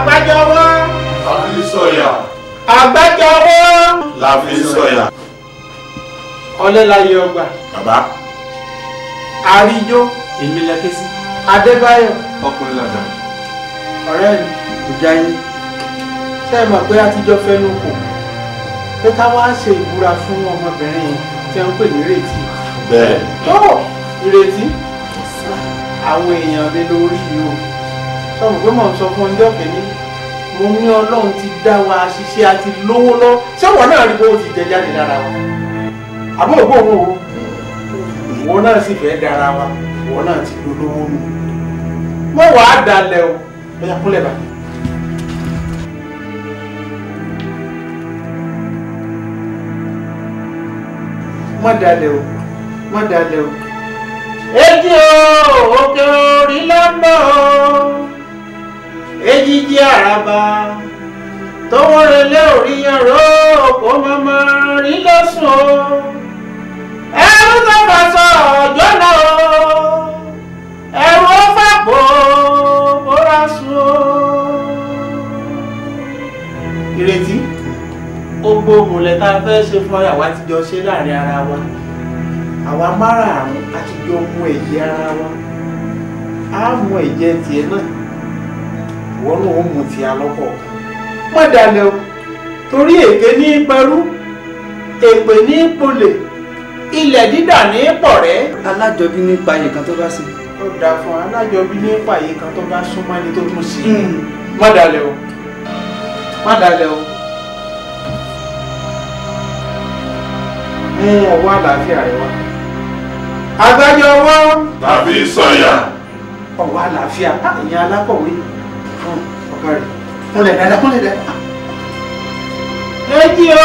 àgbájọwọ́. la fi sọ̀yà. àgbájọwọ́. la fi sọ̀yà. ọlẹ́láyé ọgbà. bàbá. àríjó èmi lẹ ké sí. adébáyọ̀. ọkùnrin làdá. ọ̀rẹ́ mi kò já yín ṣé ẹ mọ̀ pé a ti jọ fẹnu kò pé ká wá ṣe ìbúra fún ọmọbìnrin yẹn tí wọ́n ń pè ní ìrètí. bẹ́ẹ̀. tó ìrètí àwọn èèyàn mi lórí yìí o sọmọ pé mò ń sọ fún ọjọ́ kìíní mo ní ọlọ́run ti dá wa ṣiṣẹ́ àti lówó lọ sẹ́wọ̀n náà rí bó ti jẹ jáde lára wa àbọ̀ ògbó òun o ìwọ náà sì fẹ́ dára wa ìwọ náà ti dolówó nù mo wàá dalẹ̀ o ẹ̀yà kúnlẹ̀ báyìí. má dalẹ̀ o má dalẹ̀ o. ẹ jí o. jí àràbà tọwọ́ rẹ lé òríyàn ró òpó màmá rí lọ́sùn o ẹrú sábà sọ ọjọ́ náà o ẹrú ó fàpò bóra sùn o. ìrètí gbogbo òmùlẹ̀ tá a fẹ́ ṣe fún ọyà wa ti jọ ṣe láàrin ara wa àwa márààrún a ti jọ mu ẹ̀jẹ̀ ara wa á mu ẹ̀jẹ̀ tiẹ̀ náà. ìwọ náà ó mú ti alọ́pọ̀ kan má dalẹ̀ o torí èké ní pẹrú èpè ní polè ilẹ̀ dídà ní pọ̀rẹ́. alájọbí ní payé kan tó bá sí. ó dáa fún alájọbí ní payé kan tó bá súnmọ́ ẹni tó tún sí. Hmm. má dalẹ̀ o má dalẹ̀ o. mú ọwọ́ àlàáfíà rẹ wá. àgbájọ ọwọ́. tàbí sọ̀yà. ọwọ́ àlàáfíà ah, ìyẹn alákọ̀wé ọ̀kàrẹ̀ kúnlẹ̀ dáadáa kúnlẹ̀ dáadáa. Ah. èjì o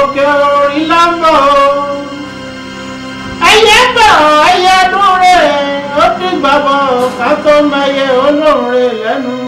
òkè orin lámbọ̀ o ẹyẹ bọ̀ ẹyẹ dúró rẹ̀ ó dín gbàgbọ́ ká tó máa yẹ olóore lẹ́nu.